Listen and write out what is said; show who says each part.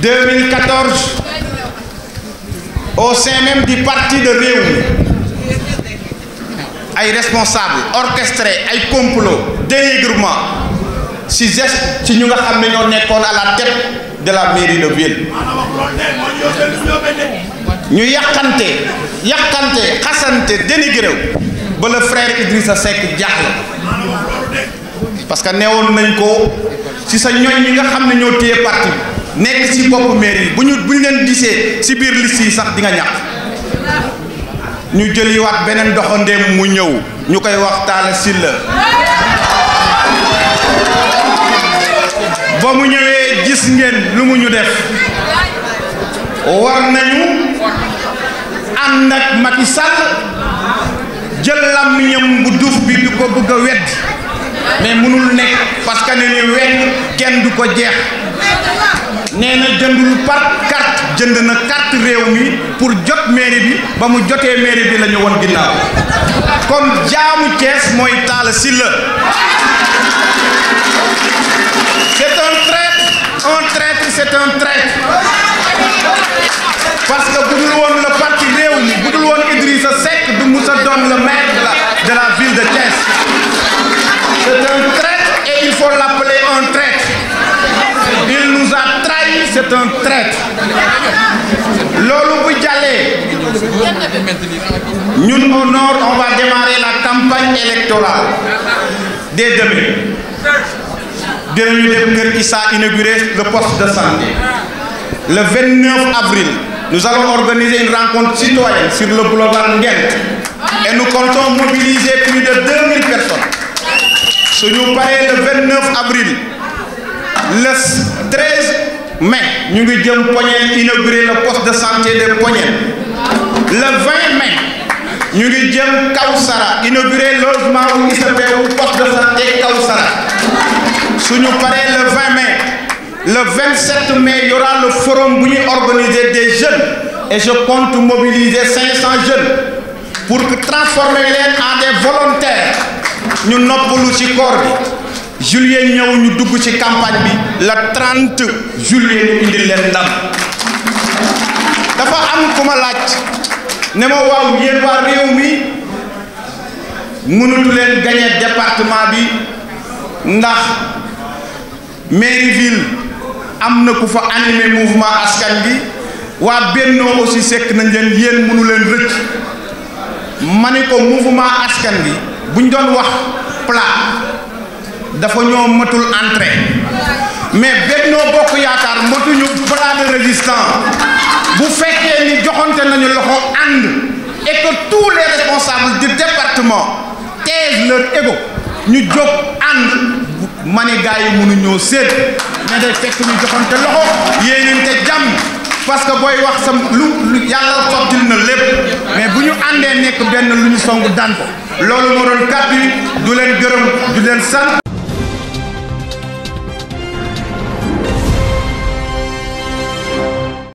Speaker 1: 2014 au sein même du parti de réunion ay responsables, orchestré ay complot dénigrement si nous ci sommes école à la tête de la mairie de ville ñu yàqante yakanté, xasante dénigré pour le frère Idrissa Seck Diaz. parce que nous nañ si ci sa ñooñ ñi parti Nek ci bopp mairie yi bu ñu bu ñu ci bir liste yi sax di nga ñak ñu jëliwaat benen doxandeem mu ñew ñukay koy wax Talla Sylla ba mu ñewé gis ngeen lu mu ñu def war nañu andak Macky Sall jël ñam bu duuf bi di ko bëgg wedd mais mënul nek parce que ne ni wedd kenn du ko jeex nee na jëndul par carte jënd na carte réew mi pour jot mairie bi ba mu jotee mairie bi lañu ñu won ginnaaw kon jaamu Thiès mooy Talla Sylla c'est un traître un traître c'est un parce que bu dul woon le parti réew mi bu dul woon Idrissa Seck du Moussa doon le maire de la ville de Thiès c'est un traître Lolo nous Nous, au nord on va démarrer la campagne électorale dès demain Dès demain, il s'est inauguré le poste de santé le 29 avril nous allons organiser une rencontre citoyenne sur le boulevard Nguent. et nous comptons mobiliser plus de 2000 personnes Ce nous paraît le 29 avril le 13 mai ñu ngi jëm Poñel inaugurer le poste de santé de Poñel le 20 mai nous ngi jëm Kawsara le logement wu le poste de santé Si nous paré le 20 mai le 27 mai il y aura le forum bu organiser des jeunes et je compte mobiliser 500 jeunes pour transformer les en des volontaires ñu noppalu ci koor bi juillet ñëw ñu dugg ci campagne bi la 30 juillet ñu leen ndam dafa am ku ma laaj ne ma waaw yéen waa réew mi mënatu leen gagné bi ndax mairie ville am na ku fa animé mouvement askan bi waa bennoo aussi sekk nañ leen yéen mënu leen rëcc ma ne ko mouvement askan bi buñ doon wax plat dafa ñoo matul entrée mais Benno Bokk Yaakaar matuñu bras de résistance bu fekkee ni joxante nañu loxo ànd et que tous les responsables du département taisent leur ego ñu jóg ànd ma ne gars yi mënuñoo séet mais day fekk ñu joxante loxo yéenante jàmm parce que booy wax sa lu yàlla sottil na lépp mais bu ñu àndee nekk benn lu ñu song daan ko loolu moo doon du leen gërëm du leen sant